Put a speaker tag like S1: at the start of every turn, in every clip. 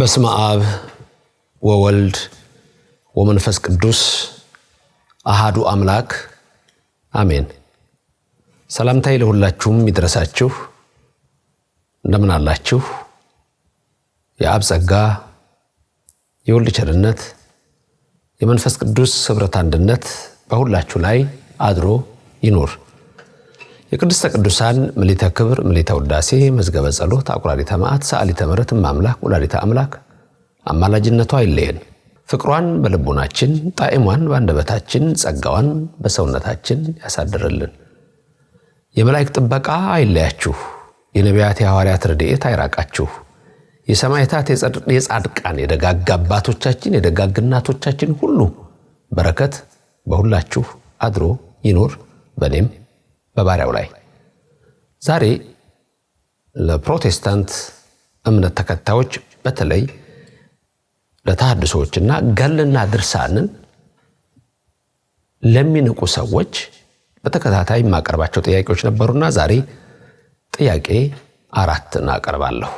S1: በስመ አብ ወወልድ ወመንፈስ ቅዱስ አሃዱ አምላክ አሜን። ሰላምታዬ ለሁላችሁም ይድረሳችሁ። እንደምን አላችሁ? የአብ ጸጋ የወልድ ቸርነት የመንፈስ ቅዱስ ህብረት አንድነት በሁላችሁ ላይ አድሮ ይኑር። የቅድስተ ቅዱሳን ምሊተ ክብር ምሊተ ውዳሴ መዝገበ ጸሎት አቁራሪተ መዓት ሰዓሊተ ምሕረት እማምላክ ወላዲተ አምላክ አማላጅነቷ አይለየን። ፍቅሯን በልቡናችን ጣዕሟን በአንደበታችን ጸጋዋን በሰውነታችን ያሳድርልን። የመላእክት ጥበቃ አይለያችሁ። የነቢያት የሐዋርያት ረድኤት አይራቃችሁ። የሰማዕታት የጻድቃን የደጋግ አባቶቻችን የደጋግ እናቶቻችን ሁሉ በረከት በሁላችሁ አድሮ ይኖር በእኔም በባሪያው ላይ። ዛሬ ለፕሮቴስታንት እምነት ተከታዮች በተለይ ለተሐድሶዎችና ገልና ድርሳንን ለሚንቁ ሰዎች በተከታታይ የማቀርባቸው ጥያቄዎች ነበሩና ዛሬ ጥያቄ አራት እናቀርባለሁ።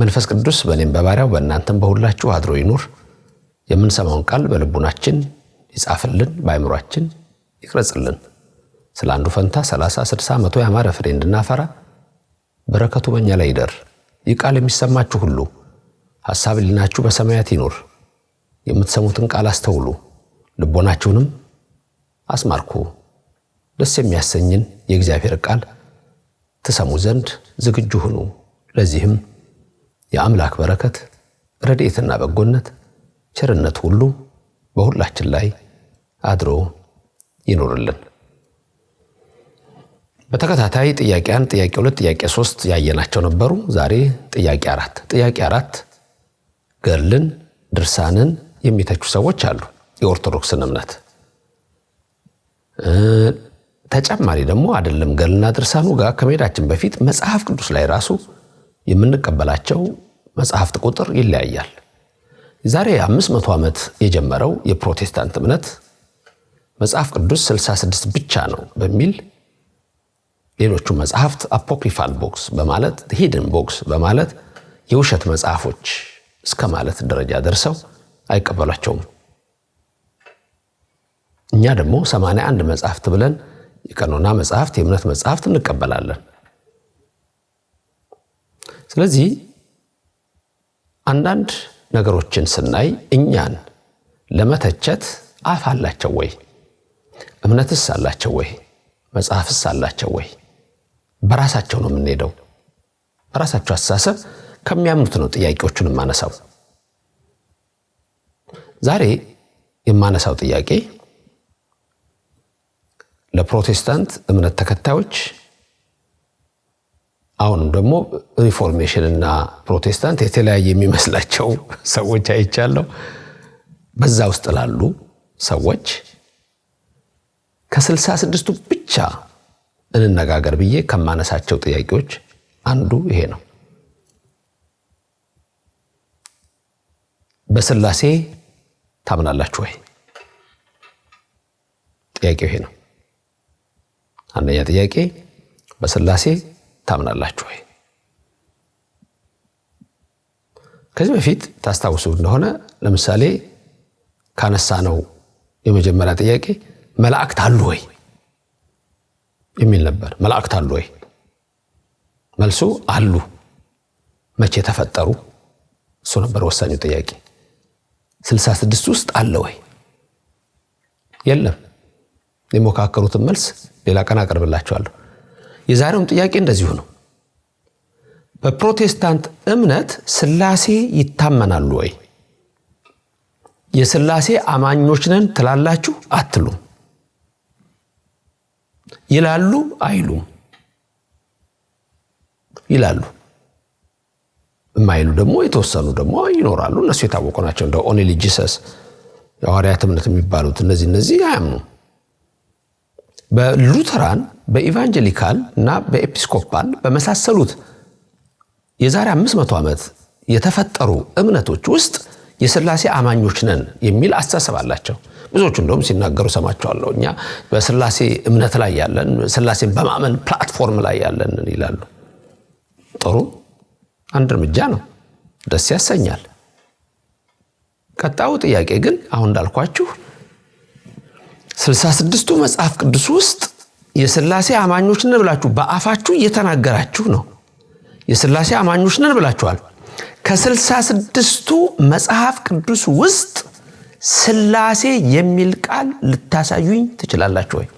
S1: መንፈስ ቅዱስ በእኔም በባሪያው በእናንተም በሁላችሁ አድሮ ይኑር። የምንሰማውን ቃል በልቡናችን ይጻፍልን፣ በአይምሯችን ይቅረጽልን። ስለ አንዱ ፈንታ 30፣ 60፣ መቶ ያማረ ፍሬ እንድናፈራ በረከቱ በእኛ ላይ ይደር። ይህ ቃል የሚሰማችሁ ሁሉ ሐሳብ ሊናችሁ በሰማያት ይኑር። የምትሰሙትን ቃል አስተውሉ፣ ልቦናችሁንም አስማርኩ። ደስ የሚያሰኝን የእግዚአብሔር ቃል ትሰሙ ዘንድ ዝግጁ ሁኑ። ለዚህም የአምላክ በረከት ረድኤትና በጎነት ቸርነት ሁሉ በሁላችን ላይ አድሮ ይኖርልን። በተከታታይ ጥያቄ አንድ፣ ጥያቄ ሁለት፣ ጥያቄ ሶስት ያየናቸው ነበሩ። ዛሬ ጥያቄ አራት ጥያቄ አራት ገድልን ድርሳንን የሚተቹ ሰዎች አሉ። የኦርቶዶክስን እምነት ተጨማሪ ደግሞ አይደለም ገድልና ድርሳኑ ጋር ከመሄዳችን በፊት መጽሐፍ ቅዱስ ላይ ራሱ የምንቀበላቸው መጽሐፍት ቁጥር ይለያያል። ዛሬ አምስት መቶ ዓመት የጀመረው የፕሮቴስታንት እምነት መጽሐፍ ቅዱስ 66 ብቻ ነው በሚል ሌሎቹ መጽሐፍት አፖክሪፋል ቦክስ በማለት ሂድን ቦክስ በማለት የውሸት መጽሐፎች እስከ ማለት ደረጃ ደርሰው አይቀበሏቸውም። እኛ ደግሞ 81 መጽሐፍት ብለን የቀኖና መጽሐፍት፣ የእምነት መጽሐፍት እንቀበላለን። ስለዚህ አንዳንድ ነገሮችን ስናይ እኛን ለመተቸት አፍ አላቸው ወይ? እምነትስ አላቸው ወይ? መጽሐፍስ አላቸው ወይ? በራሳቸው ነው የምንሄደው። በራሳቸው አስተሳሰብ ከሚያምኑት ነው ጥያቄዎቹን የማነሳው። ዛሬ የማነሳው ጥያቄ ለፕሮቴስታንት እምነት ተከታዮች አሁንም ደግሞ ሪፎርሜሽን እና ፕሮቴስታንት የተለያየ የሚመስላቸው ሰዎች አይቻለሁ። በዛ ውስጥ ላሉ ሰዎች ከስልሳ ስድስቱ ብቻ እንነጋገር ብዬ ከማነሳቸው ጥያቄዎች አንዱ ይሄ ነው። በስላሴ ታምናላችሁ ወይ? ጥያቄው ይሄ ነው። አንደኛ ጥያቄ በስላሴ ታምናላችሁ ወይ? ከዚህ በፊት ታስታውሱ እንደሆነ ለምሳሌ ካነሳ ነው የመጀመሪያ ጥያቄ መላእክት አሉ ወይ የሚል ነበር። መላእክት አሉ ወይ? መልሱ አሉ። መቼ ተፈጠሩ? እሱ ነበር ወሳኙ ጥያቄ። ስልሳ ስድስት ውስጥ አለ ወይ? የለም። የሞካከሩትን መልስ ሌላ ቀን አቀርብላቸዋለሁ። የዛሬውም ጥያቄ እንደዚሁ ነው። በፕሮቴስታንት እምነት ስላሴ ይታመናሉ ወይ? የስላሴ አማኞች ነን ትላላችሁ አትሉም። ይላሉ አይሉም ይላሉ የማይሉ ደግሞ የተወሰኑ ደግሞ ይኖራሉ። እነሱ የታወቁ ናቸው። እንደ ኦንሊ ጂሰስ የሐዋርያት እምነት የሚባሉት እነዚህ እነዚህ አያምኑ። በሉተራን በኢቫንጀሊካል እና በኤፒስኮፓል በመሳሰሉት የዛሬ 500 ዓመት የተፈጠሩ እምነቶች ውስጥ የስላሴ አማኞች ነን የሚል አስተሳሰብ አላቸው። ብዙዎቹ እንደውም ሲናገሩ ሰማቸዋለሁ። እኛ በስላሴ እምነት ላይ ያለን ስላሴን በማመን ፕላትፎርም ላይ ያለን ይላሉ። ጥሩ አንድ እርምጃ ነው፣ ደስ ያሰኛል። ቀጣው ጥያቄ ግን አሁን እንዳልኳችሁ ስልሳ ስድስቱ መጽሐፍ ቅዱስ ውስጥ የስላሴ አማኞች ነን ብላችሁ በአፋችሁ እየተናገራችሁ ነው። የስላሴ አማኞች ነን ብላችኋል። ከስልሳ ስድስቱ መጽሐፍ ቅዱስ ውስጥ ስላሴ የሚል ቃል ልታሳዩኝ ትችላላችሁ ወይ?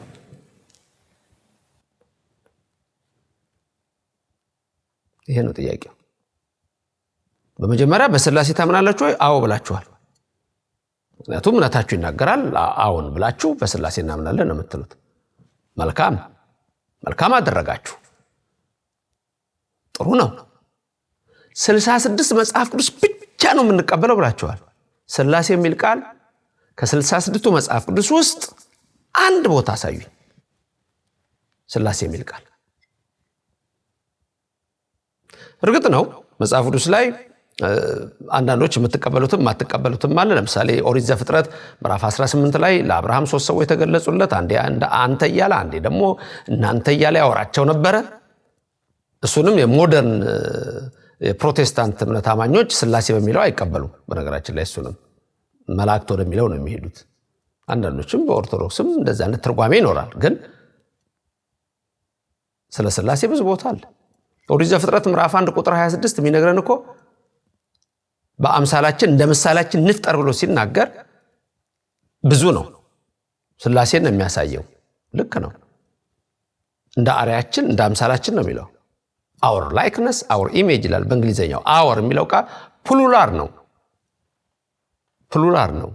S1: ይሄ ነው ጥያቄው። በመጀመሪያ በስላሴ ታምናላችሁ ወይ? አዎ ብላችኋል። ምክንያቱም እምነታችሁ ይናገራል። አዎን ብላችሁ በስላሴ እናምናለን ነው የምትሉት። መልካም መልካም አደረጋችሁ። ጥሩ ነው። ስልሳ ስድስት መጽሐፍ ቅዱስ ብቻ ነው የምንቀበለው ብላችኋል። ስላሴ የሚል ቃል ከ ስድስቱ መጽሐፍ ቅዱስ ውስጥ አንድ ቦታ አሳዩኝ። ስላሴ የሚል ቃል እርግጥ ነው መጽሐፍ ቅዱስ ላይ አንዳንዶች የምትቀበሉትም የማትቀበሉትም አለ። ለምሳሌ ኦሪት ዘፍጥረት ምዕራፍ 18 ላይ ለአብርሃም ሶስት ሰዎች የተገለጹለት፣ አንዴ አንተ እያለ አንዴ ደግሞ እናንተ እያለ ያወራቸው ነበረ። እሱንም የሞደርን የፕሮቴስታንት እምነት አማኞች ስላሴ በሚለው አይቀበሉም። በነገራችን ላይ እሱንም መላእክት ወደሚለው ነው የሚሄዱት። አንዳንዶችም በኦርቶዶክስም እንደዚህ አይነት ትርጓሜ ይኖራል። ግን ስለ ስላሴ ብዙ ቦታ አለ። ኦሪት ፍጥረት ምዕራፍ 1 ቁጥር 26 የሚነግረን እኮ በአምሳላችን እንደ ምሳሌያችን ንፍጠር ብሎ ሲናገር ብዙ ነው። ስላሴን ነው የሚያሳየው። ልክ ነው። እንደ አርያችን እንደ አምሳላችን ነው የሚለው አወር ላይክነስ አወር ኢሜጅ ይላል በእንግሊዝኛው። አወር የሚለው ቃል ፕሉራር ነው። ፕሉራር ነው።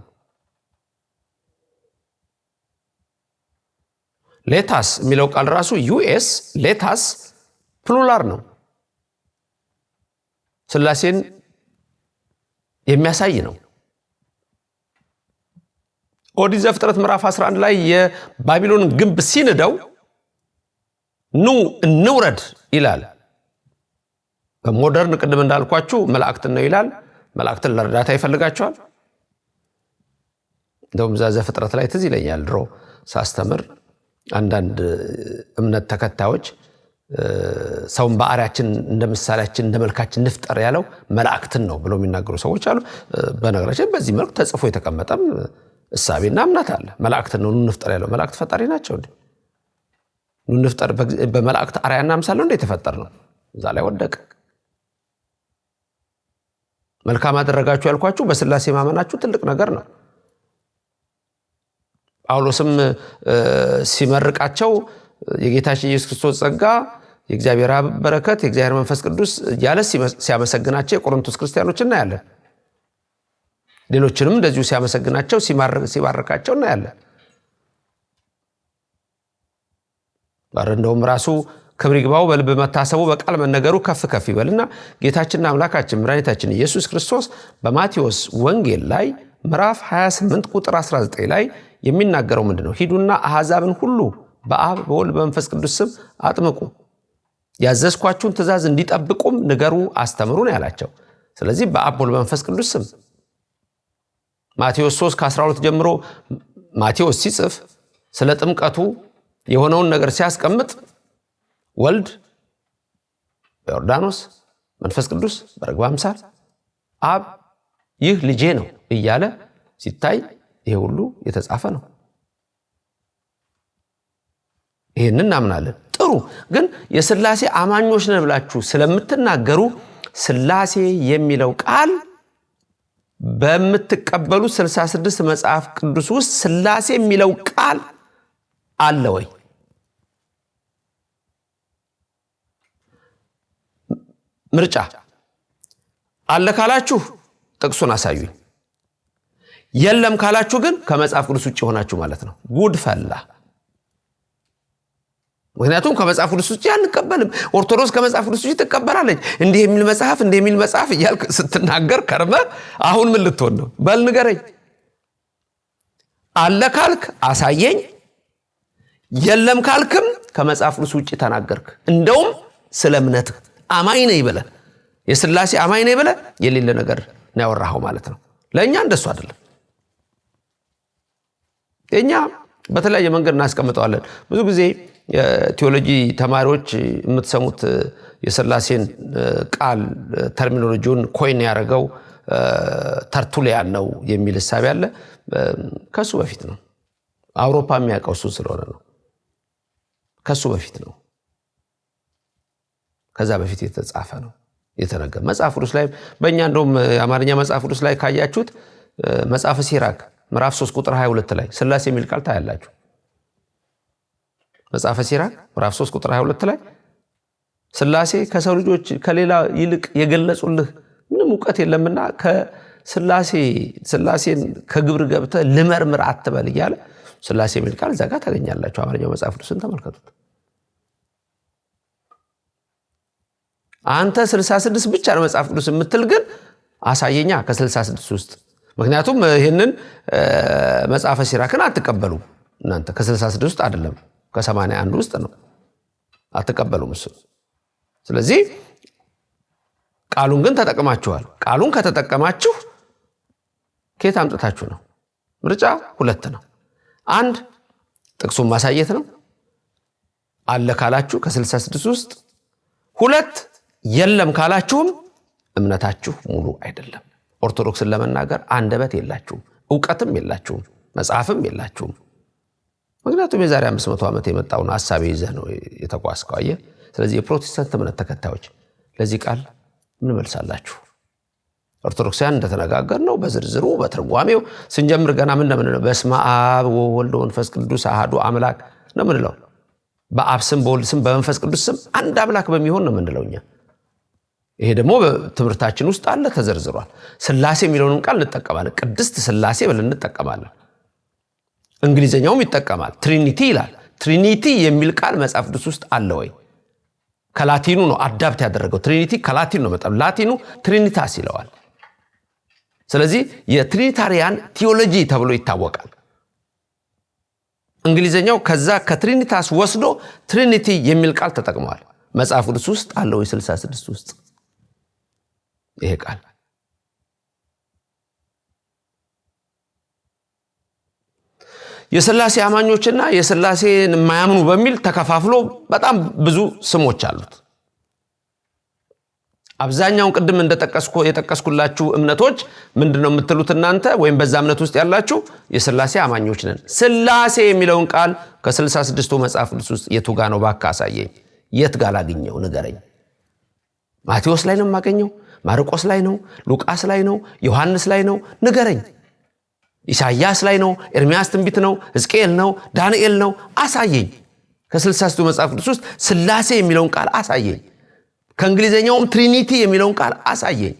S1: ሌታስ የሚለው ቃል ራሱ ዩኤስ ሌታስ ፕሉራር ነው። ሥላሴን የሚያሳይ ነው። ኦሪት ዘፍጥረት ምዕራፍ 11 ላይ የባቢሎን ግንብ ሲንደው ኑ እንውረድ ይላል። በሞደርን ቅድም እንዳልኳችሁ መላእክትን ነው ይላል። መላእክትን ለእርዳታ ይፈልጋቸዋል። እንደውም ዛዘ ፍጥረት ላይ ትዝ ይለኛል ድሮ ሳስተምር አንዳንድ እምነት ተከታዮች ሰውን በአርያችን እንደ ምሳሌያችን እንደ መልካችን ንፍጠር ያለው መላእክትን ነው ብሎ የሚናገሩ ሰዎች አሉ። በነገራችን በዚህ መልኩ ተጽፎ የተቀመጠም እሳቤና እምነት አለ። መላእክትን ነው ንፍጠር ያለው። መላእክት ፈጣሪ ናቸው እንዴ? ንፍጠር በመላእክት አርያና ምሳሌ እንደ የተፈጠር ነው። እዛ ላይ ወደቀ። መልካም አደረጋችሁ ያልኳችሁ በስላሴ ማመናችሁ ትልቅ ነገር ነው። ጳውሎስም ሲመርቃቸው የጌታችን ኢየሱስ ክርስቶስ ጸጋ፣ የእግዚአብሔር አብ በረከት፣ የእግዚአብሔር መንፈስ ቅዱስ እያለ ሲያመሰግናቸው የቆሮንቶስ ክርስቲያኖች እናያለን። ሌሎችንም እንደዚሁ ሲያመሰግናቸው ሲባርካቸው እናያለን። እንደውም ራሱ ክብር ይግባው መታሰቡ በቃል መነገሩ ከፍ ከፍ ይበልና ጌታችንና አምላካችን መድኃኒታችን ኢየሱስ ክርስቶስ በማቴዎስ ወንጌል ላይ ምዕራፍ 28 ቁጥር 19 ላይ የሚናገረው ምንድ ነው? ሂዱና አሕዛብን ሁሉ በአብ በወልድ በመንፈስ ቅዱስ ስም አጥምቁ፣ ያዘዝኳችሁን ትእዛዝ እንዲጠብቁም ንገሩ፣ አስተምሩ ነው ያላቸው። ስለዚህ በአብ በወልድ በመንፈስ ቅዱስ ስም ማቴዎስ 3 ከ12 ጀምሮ ማቴዎስ ሲጽፍ ስለ ጥምቀቱ የሆነውን ነገር ሲያስቀምጥ ወልድ በዮርዳኖስ መንፈስ ቅዱስ በርግብ አምሳል አብ ይህ ልጄ ነው እያለ ሲታይ ይሄ ሁሉ የተጻፈ ነው። ይህንን እናምናለን። ጥሩ ግን የስላሴ አማኞች ነን ብላችሁ ስለምትናገሩ ስላሴ የሚለው ቃል በምትቀበሉት 66 መጽሐፍ ቅዱስ ውስጥ ስላሴ የሚለው ቃል አለ ወይ? ምርጫ አለ ካላችሁ ጥቅሱን አሳዩኝ። የለም ካላችሁ ግን ከመጽሐፍ ቅዱስ ውጭ የሆናችሁ ማለት ነው። ጉድ ፈላ። ምክንያቱም ከመጽሐፍ ቅዱስ ውጭ አንቀበልም። ኦርቶዶክስ ከመጽሐፍ ቅዱስ ውጭ ትቀበላለች። እንዲህ የሚል መጽሐፍ እንዲህ የሚል መጽሐፍ እያልክ ስትናገር ከርመ አሁን ምን ልትሆን ነው? በል ንገረኝ። አለ ካልክ አሳየኝ፣ የለም ካልክም ከመጽሐፍ ቅዱስ ውጭ ተናገርክ። እንደውም ስለ እምነትህ አማኝ ነኝ ብለህ የስላሴ አማኝ ነኝ በለ የሌለ ነገር ነው ያወራኸው ማለት ነው። ለእኛ እንደሱ አይደለም። እኛ በተለያየ መንገድ እናስቀምጠዋለን። ብዙ ጊዜ ቴዎሎጂ ተማሪዎች የምትሰሙት የስላሴን ቃል ተርሚኖሎጂውን ኮይን ያደረገው ተርቱሊያን ነው የሚል ሳቢ አለ። ከሱ በፊት ነው። አውሮፓ የሚያውቀው እሱን ስለሆነ ነው። ከሱ በፊት ነው። ከዛ በፊት የተጻፈ ነው የተነገረ መጽሐፍ ቅዱስ ላይ በእኛ እንደውም የአማርኛ መጽሐፍ ቅዱስ ላይ ካያችሁት መጽሐፍ ሲራክ ምዕራፍ 3 ቁጥር 22 ላይ ሥላሴ የሚል ቃል ታያላችሁ። መጽሐፈ ሲራክ ምዕራፍ 3 ቁጥር 22 ላይ ስላሴ ከሰው ልጆች ከሌላ ይልቅ የገለጹልህ ምንም እውቀት የለምና ስላሴን ከግብር ገብተ ልመርምር አትበል እያለ ስላሴ የሚል ቃል እዛ ጋር ታገኛላችሁ። አማርኛው መጽሐፍ ቅዱስን ተመልከቱት። አንተ 66 ብቻ ነው መጽሐፍ ቅዱስ የምትል ግን አሳየኛ ከ66 ውስጥ ምክንያቱም ይህንን መጽሐፈ ሲራክን አትቀበሉ እናንተ ከ66 ውስጥ አደለም ከ81 ውስጥ ነው አትቀበሉ እሱ ስለዚህ ቃሉን ግን ተጠቅማችኋል ቃሉን ከተጠቀማችሁ ኬት አምጥታችሁ ነው ምርጫ ሁለት ነው አንድ ጥቅሱን ማሳየት ነው አለ ካላችሁ ከ66 ውስጥ ሁለት የለም ካላችሁም እምነታችሁ ሙሉ አይደለም። ኦርቶዶክስን ለመናገር አንደበት የላችሁም፣ እውቀትም የላችሁም፣ መጽሐፍም የላችሁም። ምክንያቱም የዛሬ 500 ዓመት የመጣውን ሀሳብ ይዘህ ነው የተጓዝከው። ስለዚህ የፕሮቴስታንት እምነት ተከታዮች ለዚህ ቃል ምን መልሳላችሁ? እንደተነጋገር ነው በዝርዝሩ በትርጓሜው ስንጀምር ገና ምን ለምን ነው በስመ አብ ወወልድ ወመንፈስ ቅዱስ አህዱ አምላክ ነው ምንለው። በአብ ስም በወልድ ስም በመንፈስ ቅዱስ ስም አንድ አምላክ በሚሆን ነው ምንለው እኛ ይሄ ደግሞ በትምህርታችን ውስጥ አለ ተዘርዝሯል። ስላሴ የሚለውንም ቃል እንጠቀማለን። ቅድስት ስላሴ ብለን እንጠቀማለን። እንግሊዝኛውም ይጠቀማል። ትሪኒቲ ይላል። ትሪኒቲ የሚል ቃል መጽሐፍ ቅዱስ ውስጥ አለ ወይ? ከላቲኑ ነው አዳብት ያደረገው። ትሪኒቲ ከላቲኑ ነው በጣም ላቲኑ ትሪኒታስ ይለዋል። ስለዚህ የትሪኒታሪያን ቲዮሎጂ ተብሎ ይታወቃል። እንግሊዝኛው ከዛ ከትሪኒታስ ወስዶ ትሪኒቲ የሚል ቃል ተጠቅመዋል። መጽሐፍ ቅዱስ ውስጥ አለ ወይ? 66 ውስጥ ይሄ ቃል የስላሴ አማኞችና የስላሴን የማያምኑ በሚል ተከፋፍሎ በጣም ብዙ ስሞች አሉት። አብዛኛውን ቅድም የጠቀስኩላችሁ እምነቶች ምንድን ነው የምትሉት እናንተ ወይም በዛ እምነት ውስጥ ያላችሁ የስላሴ አማኞች ነን። ስላሴ የሚለውን ቃል ከስልሳ ስድስቱ መጽሐፍ ቅዱስ ውስጥ የቱ ጋ ነው? ባካ አሳየኝ። የት ጋር ላግኘው? ንገረኝ። ማቴዎስ ላይ ነው የማገኘው? ማርቆስ ላይ ነው? ሉቃስ ላይ ነው? ዮሐንስ ላይ ነው? ንገረኝ። ኢሳያስ ላይ ነው? ኤርሚያስ ትንቢት ነው? ሕዝቅኤል ነው? ዳንኤል ነው? አሳየኝ። ከስልሳስቱ መጽሐፍ ቅዱስ ውስጥ ስላሴ የሚለውን ቃል አሳየኝ። ከእንግሊዝኛውም ትሪኒቲ የሚለውን ቃል አሳየኝ።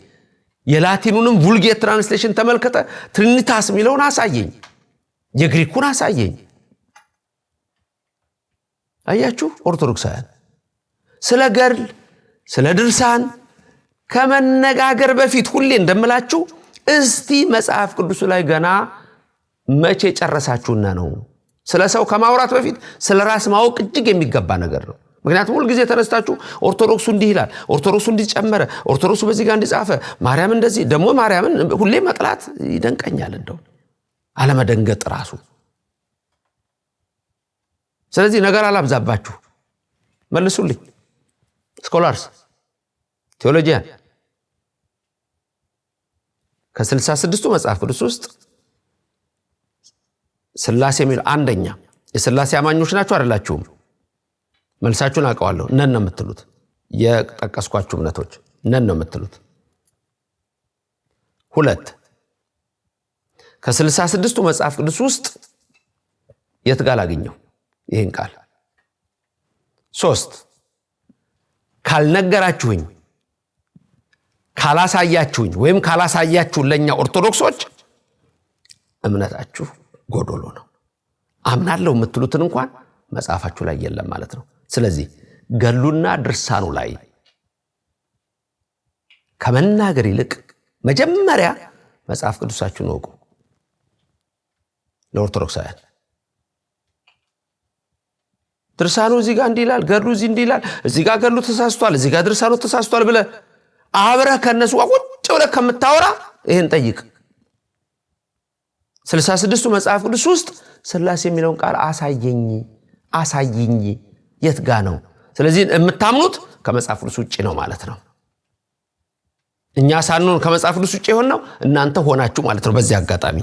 S1: የላቲኑንም ቩልጌት ትራንስሌሽን ተመልከተ። ትሪኒታስ የሚለውን አሳየኝ። የግሪኩን አሳየኝ። አያችሁ ኦርቶዶክሳውያን ስለ ገድል ስለ ድርሳን ከመነጋገር በፊት ሁሌ እንደምላችሁ እስቲ መጽሐፍ ቅዱሱ ላይ ገና መቼ ጨረሳችሁና ነው። ስለ ሰው ከማውራት በፊት ስለ ራስ ማወቅ እጅግ የሚገባ ነገር ነው። ምክንያቱም ሁልጊዜ ተነስታችሁ ኦርቶዶክሱ እንዲህ ይላል፣ ኦርቶዶክሱ እንዲጨመረ፣ ኦርቶዶክሱ በዚህ ጋር እንዲጻፈ፣ ማርያም እንደዚህ ደግሞ ማርያምን ሁሌ መጥላት ይደንቀኛል፣ እንደው አለመደንገጥ ራሱ። ስለዚህ ነገር አላብዛባችሁ፣ መልሱልኝ ስኮላርስ ቴዎሎጂያን ከ66ቱ መጽሐፍ ቅዱስ ውስጥ ስላሴ የሚለው አንደኛ የስላሴ አማኞች ናቸው አይደላችሁም? መልሳችሁን አውቀዋለሁ። ነን ነው የምትሉት። የጠቀስኳችሁ እምነቶች ነን ነው የምትሉት። ሁለት ከስልሳ ስድስቱ መጽሐፍ ቅዱስ ውስጥ የት ጋር ላገኘው ይህን ቃል? ሶስት ካልነገራችሁኝ ካላሳያችሁኝ ወይም ካላሳያችሁ ለእኛ ኦርቶዶክሶች እምነታችሁ ጎዶሎ ነው። አምናለሁ የምትሉትን እንኳን መጽሐፋችሁ ላይ የለም ማለት ነው። ስለዚህ ገሉና ድርሳኑ ላይ ከመናገር ይልቅ መጀመሪያ መጽሐፍ ቅዱሳችሁ ነውቁ ለኦርቶዶክሳውያን ድርሳኑ እዚህ ጋር እንዲህ ገሉ እዚህ እንዲላል እዚህ ጋር ገሉ ተሳስቷል፣ እዚህ ጋር ድርሳኑ ተሳስቷል ብለህ አብረህ ከነሱ ጋር ቁጭ ብለህ ከምታወራ ይህን ጠይቅ። ስልሳ ስድስቱ መጽሐፍ ቅዱስ ውስጥ ስላሴ የሚለውን ቃል አሳየኝ አሳየኝ የት ጋ ነው? ስለዚህ የምታምኑት ከመጽሐፍ ቅዱስ ውጭ ነው ማለት ነው። እኛ ሳንሆን ከመጽሐፍ ቅዱስ ውጭ የሆን ነው እናንተ ሆናችሁ ማለት ነው። በዚህ አጋጣሚ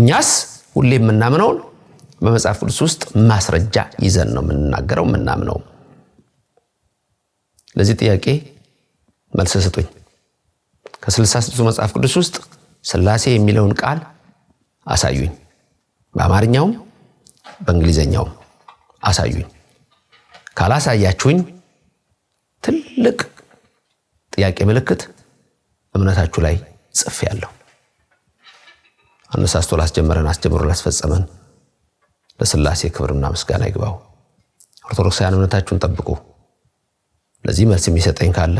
S1: እኛስ ሁሌ የምናምነውን በመጽሐፍ ቅዱስ ውስጥ ማስረጃ ይዘን ነው የምንናገረው የምናምነው። ለዚህ ጥያቄ መልስ ስጡኝ። 66 መጽሐፍ ቅዱስ ውስጥ ስላሴ የሚለውን ቃል አሳዩኝ። በአማርኛውም በእንግሊዘኛውም አሳዩኝ። ካላሳያችሁኝ ትልቅ ጥያቄ ምልክት እምነታችሁ ላይ ጽፍ ያለው አነሳስቶ ላስጀመረን አስጀምሮ ላስፈጸመን ለስላሴ ክብርና ምስጋና ይግባው። ኦርቶዶክሳውያን እምነታችሁን ጠብቁ። ለዚህ መልስ የሚሰጠኝ ካለ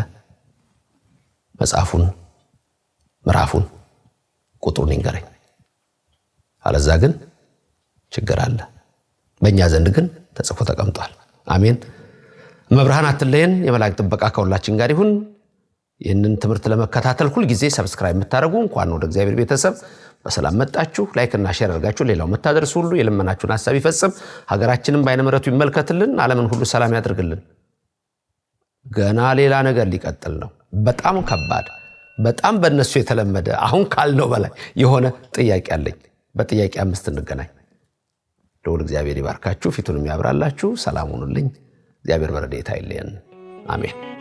S1: መጽሐፉን ምዕራፉን ቁጥሩን ይንገረኝ። አለዛ ግን ችግር አለ። በእኛ ዘንድ ግን ተጽፎ ተቀምጧል። አሜን። መብርሃን አትለየን። የመላእክት ጥበቃ ከሁላችን ጋር ይሁን። ይህንን ትምህርት ለመከታተል ሁልጊዜ ሰብስክራይብ የምታደርጉ እንኳን ወደ እግዚአብሔር ቤተሰብ በሰላም መጣችሁ። ላይክና ሼር አድርጋችሁ ሌላው መታደርስ ሁሉ የልመናችሁን ሀሳብ ይፈጽም። ሀገራችንም በአይነ ምረቱ ይመልከትልን። ዓለምን ሁሉ ሰላም ያደርግልን። ገና ሌላ ነገር ሊቀጥል ነው። በጣም ከባድ፣ በጣም በእነሱ የተለመደ አሁን ካልነው በላይ የሆነ ጥያቄ አለኝ። በጥያቄ አምስት እንገናኝ። ልዑል እግዚአብሔር ይባርካችሁ፣ ፊቱንም ያብራላችሁ። ሰላም ሁኑልኝ። እግዚአብሔር በረድኤቱ አይለየን። አሜን።